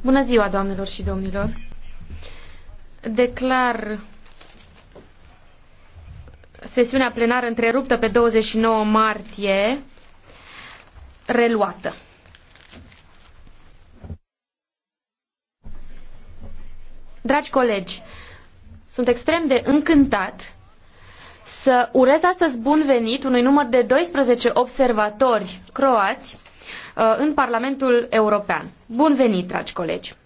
Bună ziua, doamnelor și domnilor. Declar sesiunea plenară întreruptă pe 29 martie reluată. Dragi colegi, sunt extrem de încântat să urez astăzi bun venit unui număr de 12 observatori croați uh, în Parlamentul European. Bun venit, dragi colegi!